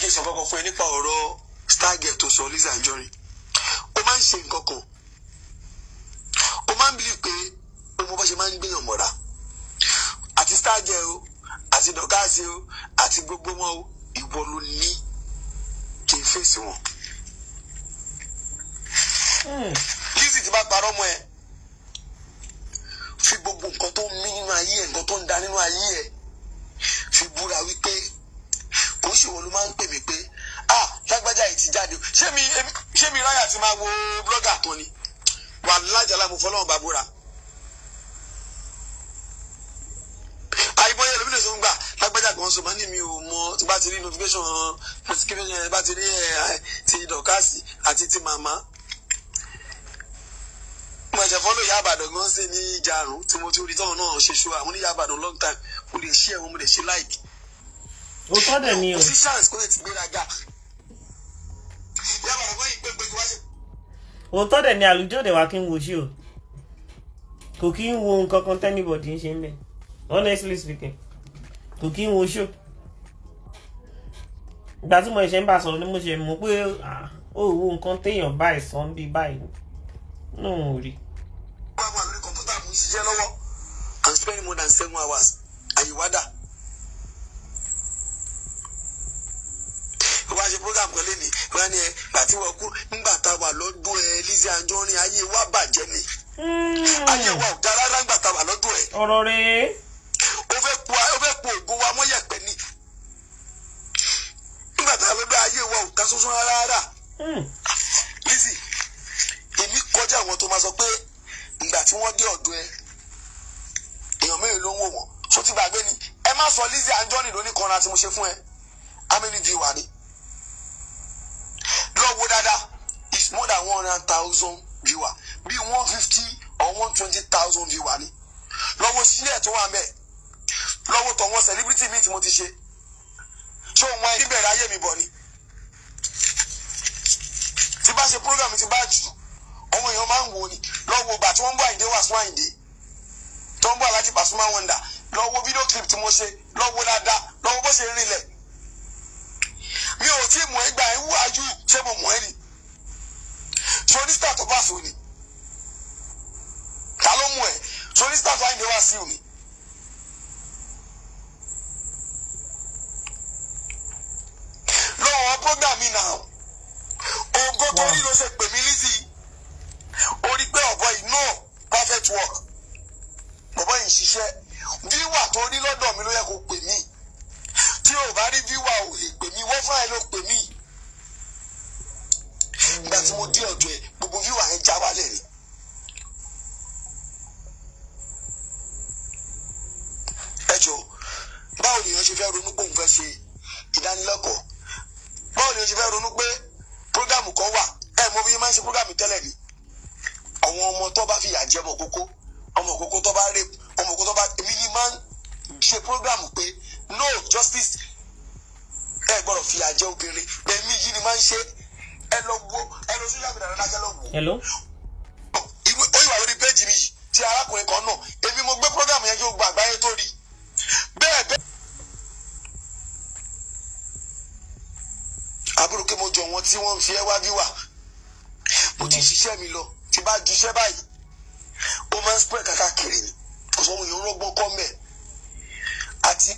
kí n sọ kankan fún ẹ nípa ọ̀rọ̀ Stargurl tó sọ Lizzy Anjorin ó máa ń ṣe nǹkan kan ó máa ń bìlì pé ọmọ bá ṣe máa ń gbìyàn mọ́ra àti Stargurl o àti dọ̀gáàsì o àti gbogbo wọn o ìwọ ló ní kí n fèsì wọn. Hmm. Lizzy ti bá parọ́ mọ́ ẹ fi gbogbo nǹkan tó mí nínú ayé ẹ nǹkan tó ń da nínú ayé ẹ fi búra wípé kò ṣòwò ló máa ń pè mí pé ah lágbájá yìí ti jáde ṣé mi ṣé mi ráyà ti máa wo blọ́gà tó ni wà lájàlá mo fọlọ́run bá búra. àìmọye ẹlòmínú ìṣòwò ń gbà lágbájá kan sọ máa ní mi ò mọ tí bá ti rí notification notification ẹ bá ti rí ẹ ti dọ̀kásì àti ti màmá mo ṣe fọ́lọ́ ìyá àbàdàn gan sí ní ìjà àrùn tí mo ti rí tọ́wọ́ náà ṣe ṣó àwọn oníyà àbàdàn long time mo lè ṣí ẹ̀ wọ́n mo lè ṣe like ó tọ́dẹ̀ ni o. officials kò lè ti gbéraga yàrá àwọn ìgbẹ́gbẹ́ tí wọ́n ṣe. òótọ́ dẹ̀ ni àlùjọ́dẹ̀ wa kí n wo ṣé o kò kí n wo nǹkan kan tẹ́nibọ̀dì ń ṣe ń bẹ̀ honestly speaking kò kí n wo ṣó ìgbà tí mo ṣe ń bá a sọ̀rọ̀ ni mo ṣe mọ̀ pé ó wo nǹkan téèyàn báyìí sọ ń bí báyìí náà ò rí. wọ́n wà lórí kọ̀ǹpútà mo ń ṣiṣẹ́ lọ́wọ́ and spend more than seven hours àyíwádà. ṣe program kan lẹ́nìí wọ́n ní ẹ gbàtí wọ́n kú ńgbà tá a wà lọ́dún ẹ Lizzy Anjorin ayé wa bàjẹ́ ni hmm. ayé wa ò dá rárá ńgbà tá a wà lọ́dún ẹ. ọ̀rọ̀ rẹ̀. ó fẹ́ po ó fẹ́ po ògo wa mọ́ yẹ̀pẹ̀ ni ńgbà tá a lọ́dún ayé wa ò dá sọ́sọ́ rárá. Hmm. Lizzy èmi kọjá àwọn tó máa sọ pé ìgbà tí wọ́n dé ọ̀dọ̀ ẹ èèyàn mẹ́rin ló ń wò wọ́n tó ti gbàgbé ni ẹ má sọ Lizzy Anjorin lóní kan ra tí mo ṣe fún ẹ amínú ju ni lọ́wọ́ dáadáa is more than one hundred thousand viewer bí one fifty or one twenty thousand viewer ni lọ́wọ́ sílẹ̀ tó wà mẹ́ẹ̀ lọ́wọ́ tọ̀ wọn celebrity mi tí mo ti ṣe ṣé òun wáyé níbẹ̀rẹ̀ ayé mi bọ̀ ni tí bá ṣe program tí bá jù ọmọ èèyàn máa ń wò ni lọ́wọ́ ìgbà tí wọ́n ń bọ̀ àyíndé wà sún àyíndé tó ń bọ̀ alájí Pasuma wọ̀ndà lọ́wọ́ fídíò clip tí mo ṣe lọ́wọ́ dáadáa lọ́wọ́ bó ṣe rinlẹ̀ mi ò tí mọ̀ ẹ́ gbà ẹ́ wú àjú ṣé mo mọ̀ ẹ́ ni sonista tó bá so ni ta ló mú ẹ sonista tó àyìnbó wá sí òní. lọ́wọ́ program mi náà ogó tó rí ló ṣe pè mí Lizzy orí pé ọ̀bọ yìí no perfect work bọ̀bọ̀ yìí ń ṣiṣẹ́ wíwà tó rí lọ́dọ̀ mi ló yẹ kó pè mí tí o bá rí wíwà ò lè pè mí wọ́n fún ẹ pè mí ìgbà tí mo dé ọ̀dọ̀ ẹ̀ gbogbo viewer yẹn já wálẹ̀ ni. ẹ jọ báwo lèèyàn ṣe fẹ́ ronú pé òun fẹ́ ṣe ìdánilẹ́kọ̀ọ́ báwo lèèyàn ṣe fẹ́ ronú pé prógámù kan wà ẹ mọ̀ bí yín máa ń ṣe prógámù tẹ́lẹ̀ ni àwọn ọmọ tó bá fìyà jẹ ọmọ kókó ọmọ kókó tó bá rape ọmọ kókó tó bá èmi ni máa ń ṣe prógámù pé no justice ẹ gbọ́dọ̀ fìyà jẹ obìnrin èmi yìí ni máa ń ṣe ẹ wo ẹ lọ social media dáadáa lọ wo. hello. ìwé ó yíwà lórí péjì mi yìí ti arákùnrin kan náà èmi mo gbé program yẹn kí o gba àgbáyé tó rí bẹ́ẹ̀ bẹ́ẹ̀. àbúrò pé mo jọ wọn tí wọ́n ń fi ẹ́ wá bí wà mo ti ṣiṣẹ́ mi lọ ti bá ju iṣẹ́ báyìí ó máa ń spread káàkiri ni kò sọ ohun yòó kọ́ mẹ́ àti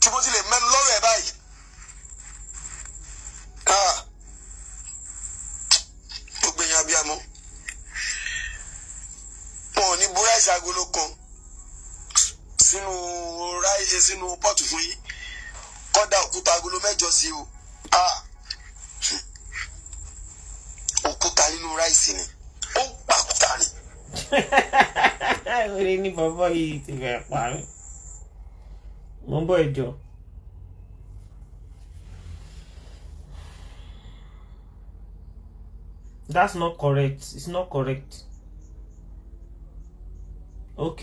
tí mo ti lè mẹ́nu lọ́rọ̀ ẹ̀ báyìí. Ah. ráìsì agolo kan sínú ráìsì sínú pọ́ọ̀tù fún yín kọ́dà òkúta agolo mẹ́jọ sí o òkúta nínú ráìsì ni ó ń pàkúta ni. orí ni bàbá yìí ti fẹ́ pa mo ń bọ̀ ìjọ. That's not correct. It's not correct ok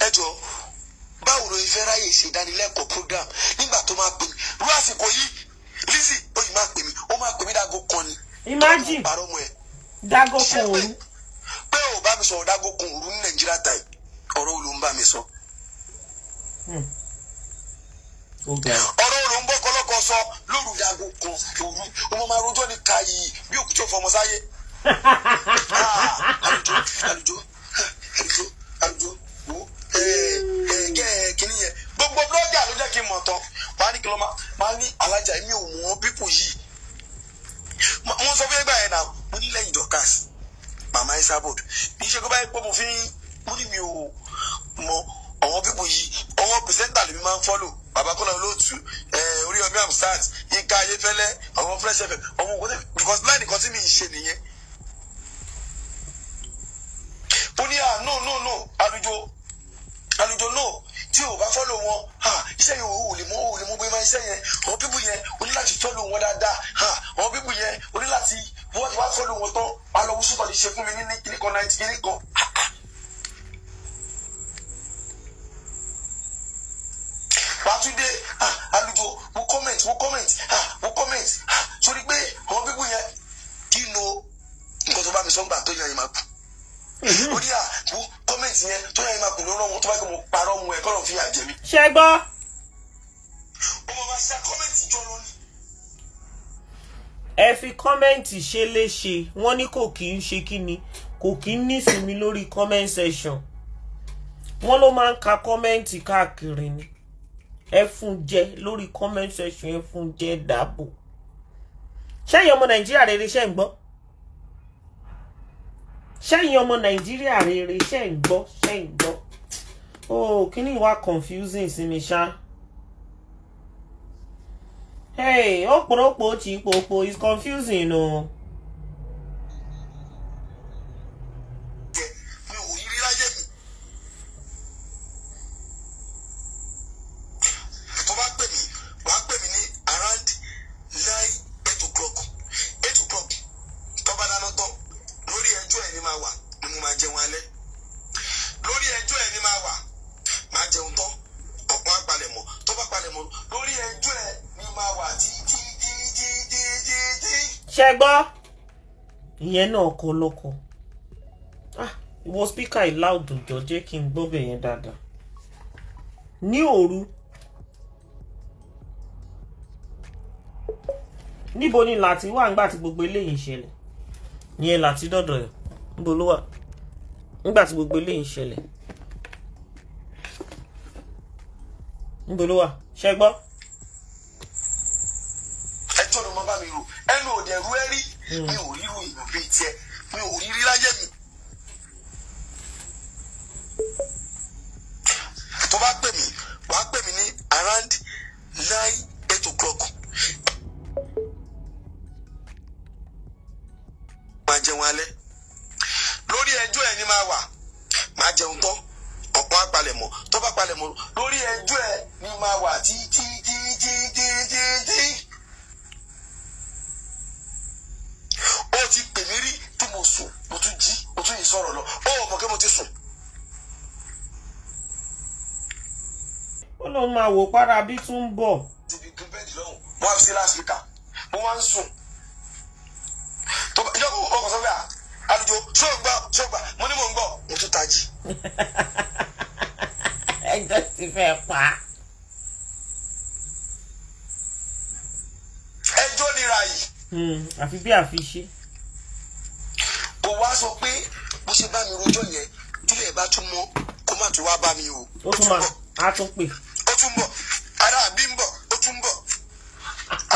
ẹ jọ báwo ló fẹ́ ráyè ṣèdánilẹ́kọ̀ọ́ program nígbà tó máa pè mí rú àsìkò yìí Lizzy ó yìí máa pè mí ó máa pè mí dágó kan ni. imagine dágó kan òru. pé ò bá mi sọ̀rọ̀ dágó kan òru ní Nàìjíríà tàì ọ̀rọ̀ olùmbàmí sọ. Hmm ọ̀rọ̀ olóńgbò kọlọ́kọ sọ lóru yàgò kan òru ọmọ máa rojọ́ ní kàyí bí òkú tí fọmọ sáyé. Ah, àlùjọ àlùjọ àlùjọ àlùjọ wo kìnìyẹn gbogbo blọọgì àlùjọ kì í mọ̀ tán wàá ní kí ló máa ní alájà èmi ò mọ̀ pípò yìí mi ló rán wọn tó bá yẹ kó mo parọ́ mu ẹ̀ kọ́ ló fi yà jẹ mi. ṣe gbọ́. ọmọ bá ṣe kọ́mẹ̀ntì jọrọ ni. ẹ fi kọ́mẹ̀ntì ṣe léṣe wọ́n ní kò kì í ṣe kí ni kò kì í nísinmi lórí comment section wọ́n ló máa ń ka kọ́mẹ̀ntì káàkiri ni ẹ fún jẹ lórí comment section ẹ fún jẹ dàbò ṣẹ́yìn ọmọ nàìjíríà rere ṣẹ́ ń gbọ́ ṣẹ́yìn ọmọ nàìjíríà rere ṣẹ́ ń gbọ́ ṣẹ́ ń gbọ́ oh kíní wá confusing sí mi ṣá hey ọ̀pọ̀lọpọ̀ ó ti ipò òpó is confusing o. No. ìyẹn náà ọkọ ọlọ́kọ ah, ìwọ spíkà ìlà òdòjọ́ jẹ́ kí n gbọ́bẹ̀ yẹn dáadáa ní òru níbo ni láti wà ńgbà tí gbogbo eléyìí ṣẹlẹ̀ ìyẹn láti dọ̀dọ̀ ẹ̀ níbo ló wà ńgbà tí gbogbo eléyìí ṣẹlẹ̀ níbo ló wà ṣẹ́ gbọ́. ẹjọ́ ló máa bá mi rò ẹnu òde ẹ̀rú ẹ̀rí hmm. mi ò ọlọ́run máa wò padà bí tún ń bọ̀. ẹjọ́ ti fẹ́ pa. ẹjọ́ nira yìí. Hmm, àfi bí àfi ṣe. kò wá sọ pé bó ṣe bá mi rojọ́ yẹn tílẹ̀ bá tún mọ́ kó má tún wá bá mi o. ó tún máa a tún pè tún bọ̀ ara àbí ń bọ̀ ó tún bọ̀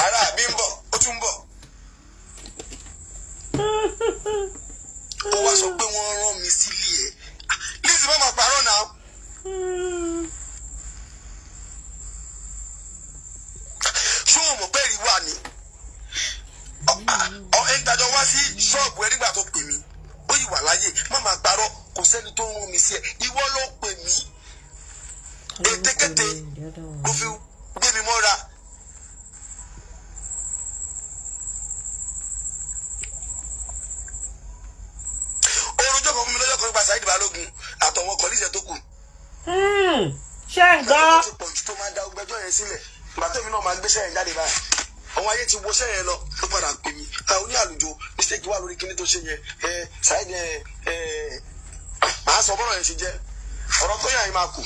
ara àbí ń bọ̀ ó tún bọ̀. ó wá sọ pé wọ́n rán mi sílé. yẹn ẹ ṣáìdì ẹ ẹ màá sọ bọ́rọ̀ yẹn ṣe jẹ́ ọ̀rọ̀ tó yàn yín máa kù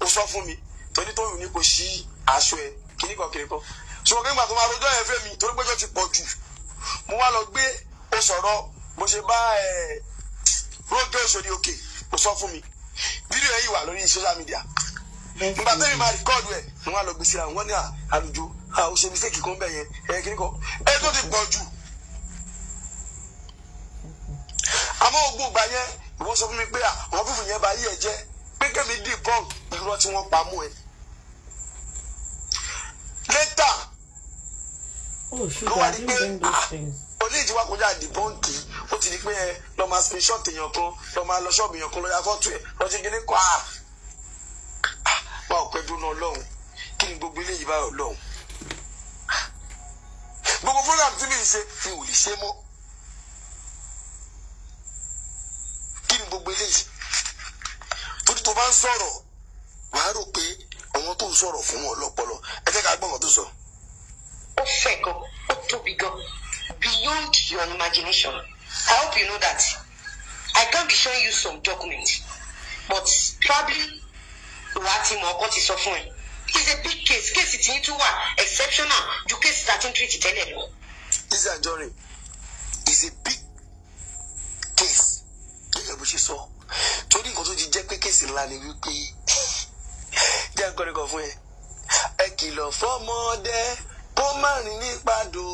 ó sọ fún mi torí tó yùn ní kò sí aṣọ ẹ kíní kan kiri kan ṣùgbọ́n kí n gbà tó máa rojọ́ yẹn fẹ́ mi torí péjọ ti pọ̀ jù mo wá lọ gbé o sọ̀rọ̀ mo ṣe bá ẹ Rónkẹ́ Òkè ó sọ fún mi fídíò yẹn yìí wà lórí social media nígbà tẹ́mi máa rìkọ́ọ̀dù ẹ̀ mo wá lọ gbé síra ní àlùjọ ó ṣe mistake kan bẹ́ẹ̀ yẹn kíní kan ẹ tó ti pọ̀ jù àmọ́ ogun ìgbà yẹn ìwọ sọ fún mi pé ah, àwọn fífi yẹn bá yí ẹ jẹ pé kémi dì pọ́n irọ́ tí wọ́n pa mú ẹ. later oh, ló wà ní pé oníjì ah, wa kọjá dìbọ́ǹkì ó ti di pé ẹ eh, lọ máa spin shot èèyàn kan lọ máa lọ ṣọ́ọ̀bù èèyàn kan lọ ya fọ́tò ẹ lọ sí gíní kọ́ à wà ó pẹ́ dúró náà lọ́hùn kí ni gbogbo eléyìí báyọ̀ lọ́hùn ah, gbogbo program tí mi ń ṣe mi ò lè ṣe mọ́. eléyìí torí tó bá ń sọ̀rọ̀ wàá rò pé àwọn tó ń sọ̀rọ̀ fún wọn lọ́pọlọ ẹ jẹ́ ká gbọ́ wọn tó sọ. ó fẹ̀ gan ó tóbi gan beyond your imagination I hope you know that I can be showing you some documents but probably wà á ti mọ ọkọ ti sọ fún ẹ it's a big case case tí yín tún wà exceptional ju case thirteen three ti tẹ́lẹ̀ lọ. Lizzy Anjorin is a big torí nǹkan tó ti jẹ́ pé kéèsì ńlá ni wípé jẹ́ àkọrin kan fún ẹ ẹ kìlọ̀ fọ́mọdé kó má rìn nípa do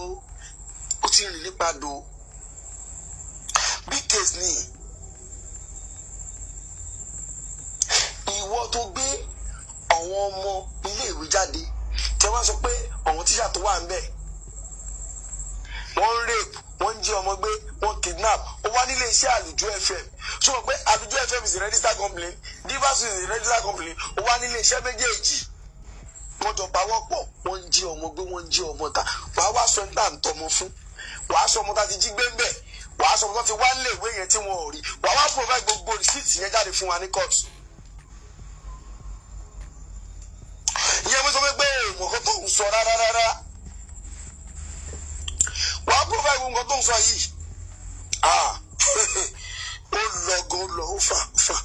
ó ti rìn nípa do big case ni ìwọ tó gbé àwọn ọmọ iléèwé jáde tẹ wá sọ pé àwọn tíṣà tó wà ń bẹ wọ́n ń rèpù wọ́n ń jí ọmọ gbé wọ́n kidnap ó wá nílé iṣẹ́ àlùjọ fm so wọ́n pé àlùjọ fm is a registered company divas is a registered company ó wá nílé iṣẹ́ méjèèjì wọ́n jọ pawọ́ pọ̀ wọ́n ń jí ọmọ gbé wọ́n ń jí ọmọ ta wàá wá sọ níta ń tọmọ fún wàá sọ ọmọ ta ti jí gbé ń bẹ̀ wàá sọ ọmọ ta ti wá nílé ìwé yẹn tí wọ́n ò rí wàá wá provide gbogbo rìsíìtì yẹn jáde fún wa ní court. ìyẹn mo sọ pé pé èèmọ̀ kan tó ń sọ fẹ́ wo nǹkan sọ yìí ó lọ lọ ó fà fà.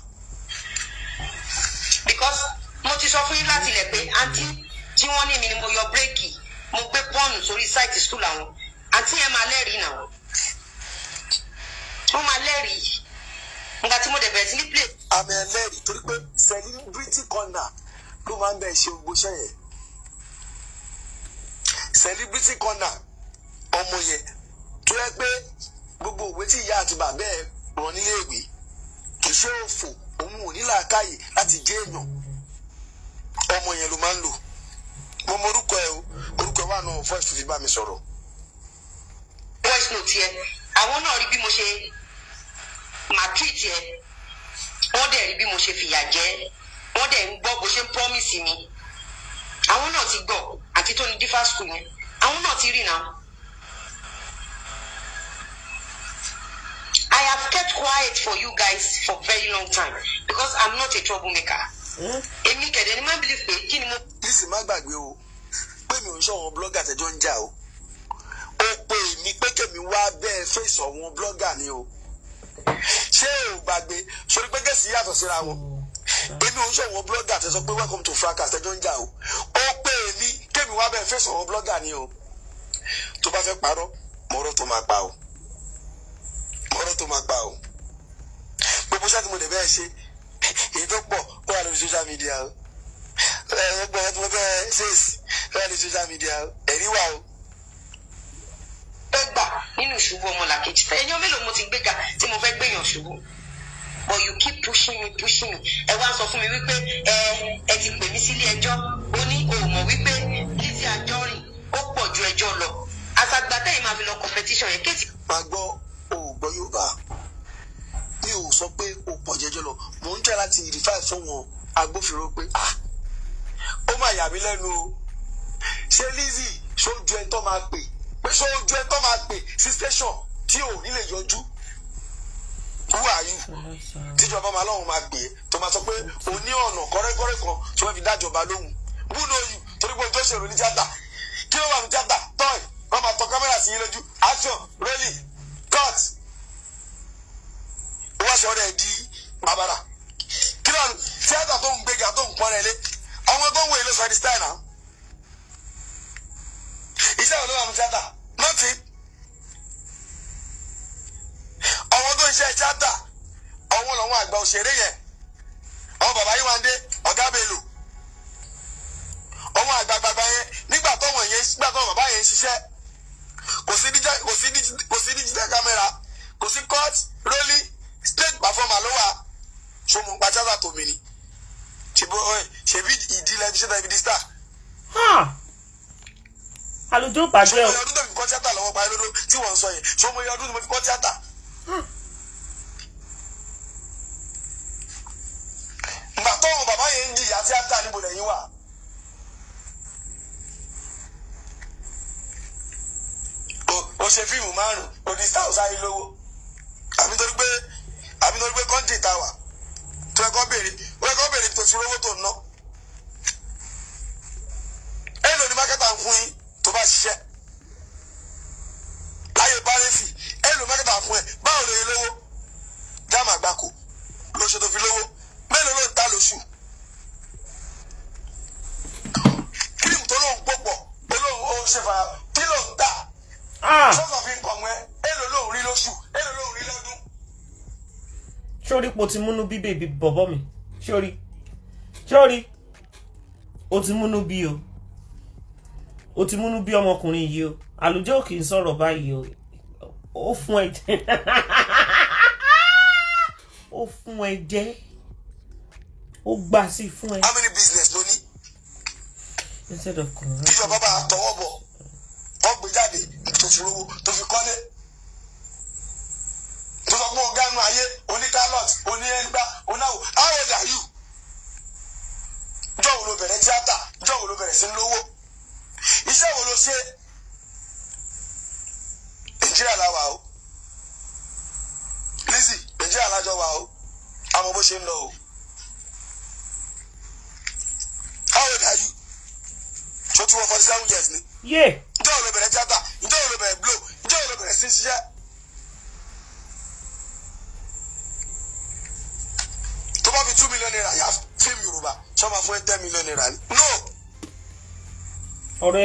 because mo ti sọ fún yín láti ilẹ̀ pé àǹtí tí wọ́n ní mi ni mo yọ bírèkì mo gbé pọ́ọ̀nù sórí sáìtì skul àwọn àǹtí yẹn máa lẹ́rìí náà wọ́n máa lẹ́rìí nígbà tí mo dẹ̀ bẹ̀rẹ̀ sí ní play. àmì ẹlẹ́rìí torí pé celebrity corner ló máa ń bẹ̀ ṣe gbogbo iṣẹ́ yẹn celebrity corner ọmọ yẹn tó yẹ pé gbogbo òwe tí ìyá àti bàbá ẹ rán nílé ìwé kì í ṣe òfò òun ò ní làákàyè láti jẹ èèyàn ọmọ yẹn ló máa ń lò mo mọ orúkọ ẹ o orúkọ ẹ wà nù voice note fi bá mi sọ̀rọ̀. voice note yẹ àwọn náà rí bí mo ṣe matric yẹ wọ́n dẹ̀ rí bí mo ṣe fìyà jẹ wọ́n dẹ̀ ń gbọ́ bó ṣe ń promise mi àwọn náà ti gbọ́ àti tó ní different school yẹn àwọn náà ti rí náà. I have kept quiet for you guys for very long time because I'm not a troublemaker. Èmi kẹ̀dẹ̀ ni máa ń believe pé kí ni mo. Lizzy má gbàgbé o, pé mi ò ń ṣọ̀wọ́n blọ́gà tẹ́jọ́ ń jà o. O pe èmi pé kèmi wá bẹ́ẹ̀ fèsì ọ̀wọ́n blọ́gà ni o. Ṣé o gbàgbé sori pé kẹ́sì yàtọ̀ síra wọn? Èmi ò ń ṣọ̀wọ́n blọ́gà tẹ́sọ pé welcome to fracas tẹ́jọ́ ń jà o. O pe èmi kèmi wá bẹ́ẹ̀ fèsì ọ̀wọ́n blọ́gà ni o. Tó bá fẹ́ parọ́, mọ̀ọ́rọ́ tó máa pa o tó máa gbà o gbogbo iṣẹ́ lè bẹ́ẹ̀ ṣe èyí tó pọ̀ ó wà lórí social media o ẹgbẹ́ ẹ̀ tí mo ó wà lórí social media o ẹ̀rí wà o. ẹ nínú ìṣubú ọmọlàkejì ẹ̀yàn mélòó mo ti gbéga tí mo fẹ́ gbéyàn ṣubú but you keep pushing me pushing me ẹ wá sọ fún mi wípé ẹ ẹ ti pè mí sílé ẹjọ́ ó ní òmò wípé Lizzy Anjorin ó pọ̀ ju ẹjọ́ lọ àtàgbàtà yìí máa fi lọ competition yẹn kéètì. màá gbọ́ o ò gbọ́ Yorùbá mi ò sọ pé o pọ̀ jẹjẹ lọ mò ń tẹ́ láti ìdífáì fún wọn agbófinró pé ah ó mà yà mí lẹ́nu o ṣé Lizzy ṣojú ẹ tó máa pè pé ṣojú ẹ tó máa pè sí station tí ò nílè yọjú who are you tíjọba máa lọ́hùn máa gbé tó máa sọ pé o ní ọ̀nà kọ́rẹ́kọ́rẹ́ kan tí wọ́n fi dájọba lóhùn who know you torí pé ojú òṣèlú ní tíátà kí ló wà ní tíátà tọ́ì wọ́n máa tọ kámẹ́rà sí yín lójú action rally short wọ́n sọ rẹ̀ di abala kí ló ń tíátà tó ń gbéga tó ń pọ́n rẹ̀ lé ọmọ tó ń wọ èlò sọ̀rọ̀ style náà iṣẹ́ òun ló wà ní tíátà nothing ọmọ tó ń ṣe tíátà ọwọ́ lọ́wọ́ àgbà òṣèré yẹn àwọn bàbá yìí wá ń dé ọ̀gá bẹ́ẹ̀ lò ọwọ́ àgbàgbàgbà yẹn nígbà tọ́wọ́ yẹn nígbà tọ́wọ́ bàbá yẹn ń ṣiṣẹ́ kò sí di star. àlùjọ pàṣẹ o. ṣé ọdún tó fi kọ́ tíátà lọ́wọ́ pa ẹ́ lọ́dún tí wọ́n ń sọ yẹn ṣé ọdún tó fi kọ́ tíátà mo ti múnú bí bèbí bọ̀bọ̀ mi sórí sórí o ti múnú bí o o ti múnú bí ọmọkùnrin yìí o àlùjọ kì í sọ̀rọ̀ báyìí o ó fún ẹ jẹ ó fún ẹ jẹ ó gbà sí fún ẹ. how many business ló ní. instead of corona. kí ìjọba bá tọwọ́ bọ̀ kọ́ gbé jáde tó fi rówó tó fi kọ́lé tó sọ pé ọ̀gá nu ayé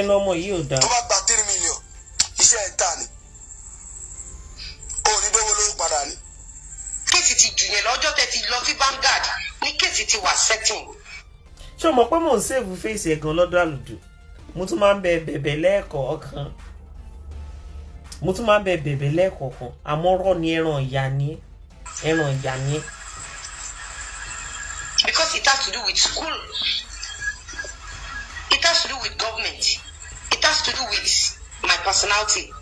ẹnu ọmọ yìí ò dáa. tó bá gba three million iṣẹ́ ẹ̀ ta ni òní dówó ló padà ni. kéèsì ti jù yẹn lọ́jọ́ tẹ́ ti lọ sí Vanguard ní kéèsì ti wà setting. ṣé o mọ̀ pé mò ń ṣèwú fèsì ẹ̀gàn lọ́dọ̀ àlùdù mo tún máa ń bẹ bẹ̀bẹ̀ lẹ́ẹ̀kọ̀ọ̀kan mo tún máa ń bẹ bẹ̀bẹ̀ lẹ́ẹ̀kọ̀ọ̀kan àmọ́ ọ̀rọ̀ ni ẹran ìyá ni ẹran ìyá ni. because it has to do with school it has to do with government it has to do with my personality.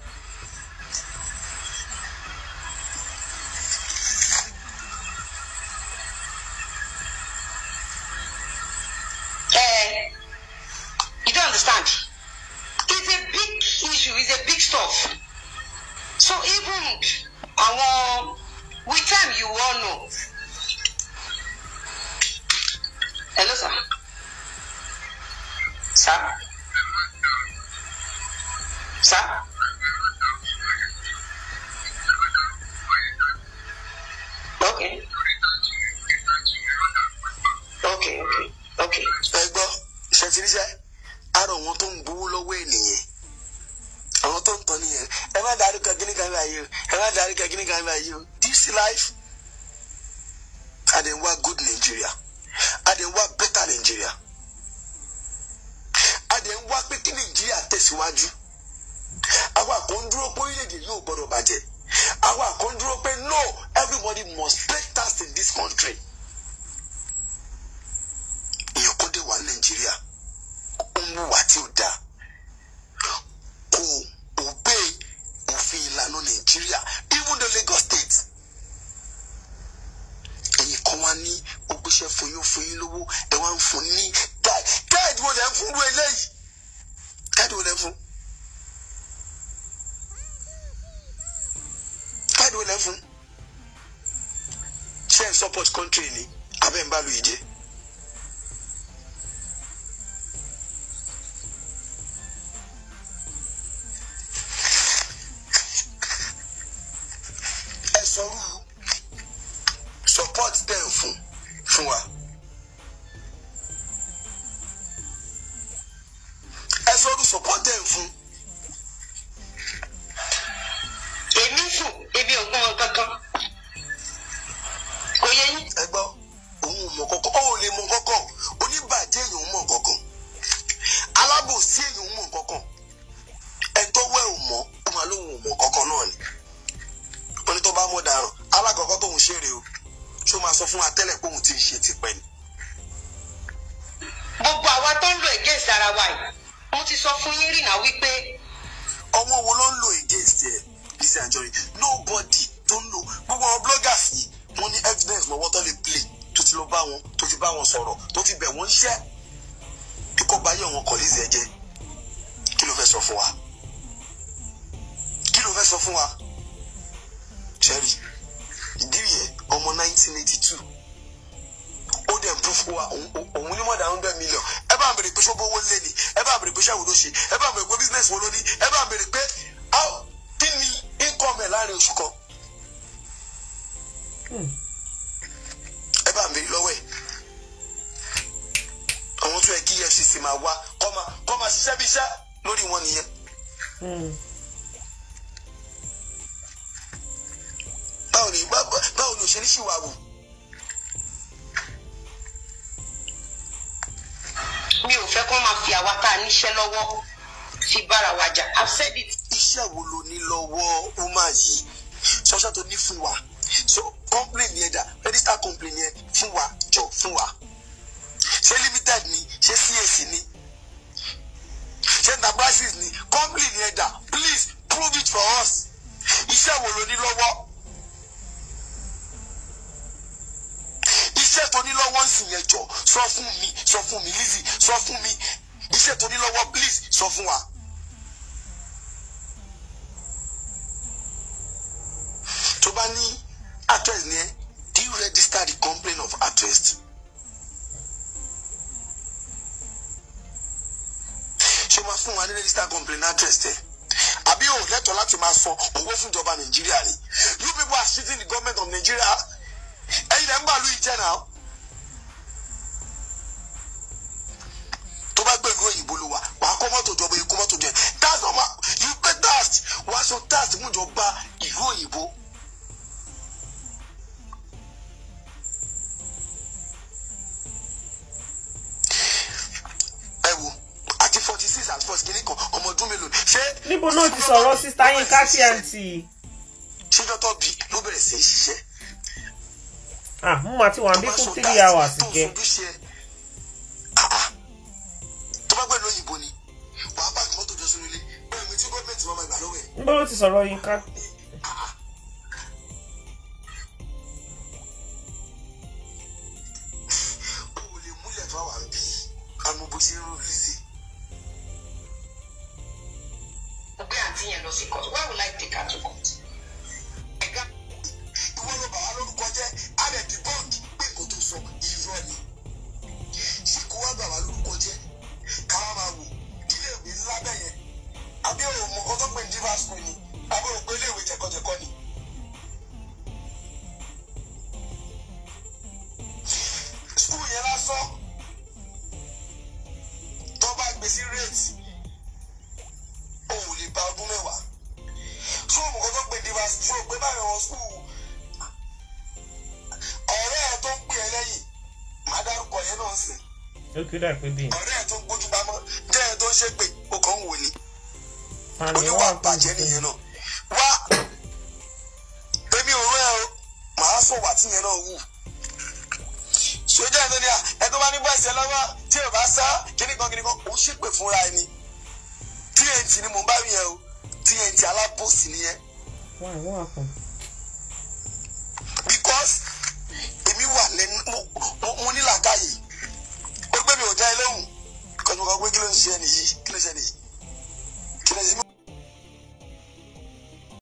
wùwà tí ó dáa kò obey òfin ìlànà nàìjíríà even the Lagos state ẹ̀yin kan wá ní ògbésẹ̀ fún yín fún yín lówó ẹ wá ń fún ní káàdì wo lẹ́ ń fún wọ eléyìí káàdì wo lẹ́ ń fún káàdì wo lẹ́ ń fún ṣé ẹ support country ni abẹ́ ń bá lu ìjẹ́. bá yẹ wọn kọ̀lẹ́sì ẹ jẹ́ kí ló fẹ́ sọ fún wa kí ló fẹ́ sọ fún wa cherry ìdí yẹn ọmọ 1982 ó dẹ̀ proof wa òun ní more hundred million ẹ bá ń bèrè pé ṣọ́bọ̀ owó lé ni ẹ bá ń bèrè pé ṣàwò ló ṣe ẹ bá ń bèrè pé business wo ló ní ẹ bá ń bèrè pé kí ni income ẹ̀ láàrin oṣù kan hmm. ẹ bá ń bèrè lọ́wọ́ ẹ̀. ṣiṣẹ́ bí iṣẹ́ lórí wọn nìyẹn. Hmm. báwo ni báwo ni òṣèlú ṣì wà wò. mi ò fẹ́ kó máa fi àwa tá a níṣẹ́ lọ́wọ́ fi bára wa jà i've said it. iṣẹ́ wo lo ní lọ́wọ́ woman yìí ṣọ́ṣọ́ tó ní fún wa so complain yẹn dà register complain yẹn fún wa jọ fún wa ṣé limited ni ṣé cac ni ṣé enterprises ni company ni ẹ̀dá please prove it for us iṣẹ́ wo ló ní lọ́wọ́ iṣẹ́ tó ní lọ́wọ́ ń sìn yẹn jọ sọ fún mi sọ fún mi Lizzy sọ fún mi iṣẹ́ tó ní lọ́wọ́ please sọ fún wa. tó bá ní actress ni ẹ do you register the complaint of actress. tó máa fún wa ní register complaint address tẹ àbí o lẹ́tọ̀ọ́ láti máa sọ owó fún ìjọba nàìjíríà ni you people are shitting the government of nigeria ẹ̀yin lẹ́ ń bàlú ìjẹ́ náà tó bá gbẹ̀lú òyìnbó ló wà wà á kó mọ́tò jọba ikú mọ́tò jẹ tax ọmọ you pay tax wàá sọ tax mú jọba ìlú òyìnbó. and forth kìíní kan ọmọ ọdún mélòó ṣé. níbo náà ti sọ̀rọ̀ sísá yín káàtì àǹtì. ṣé dọ́tọ̀ bí ló bẹ̀rẹ̀ sí í ṣiṣẹ́. ah mo máa ti wà bí fún three hours jẹ. tó bá ah, ah. gbẹ̀lú òyìnbó ni wàá bá àtúmọ̀tò jọ sórí ilé bẹ́ẹ̀ mi tí gọ́ọ̀mẹ̀ntì máa gbà lọ́wọ́ ẹ̀. níbo ló ti sọ̀rọ̀ yín ká. ó kí dà pé bí. ọ̀rẹ́ ẹ̀ tó ń gbójú pamọ́ jẹ́ ẹ tó ń ṣe pé o kàn ń wò ni oníwà bàjẹ́ nìyẹn náà wá èmi ò rẹ́ o màá fọwà tìyẹn náà wù sójà ẹ̀ tó ní à ẹ tó bá ní bọ́ ẹsẹ̀ lọ́wọ́ tí ò bá sá kíníkan kíníkan ó ṣèpè fúnra ẹni TNT ni mo bá yẹn o TNT alábòsí nìyẹn. wà á wọ́n